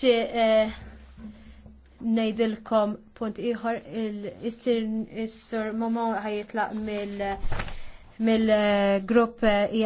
nixtieq eh, nejdilkom punt iħor il-sir Momo ħajitlaq mill-grupp eh, eh,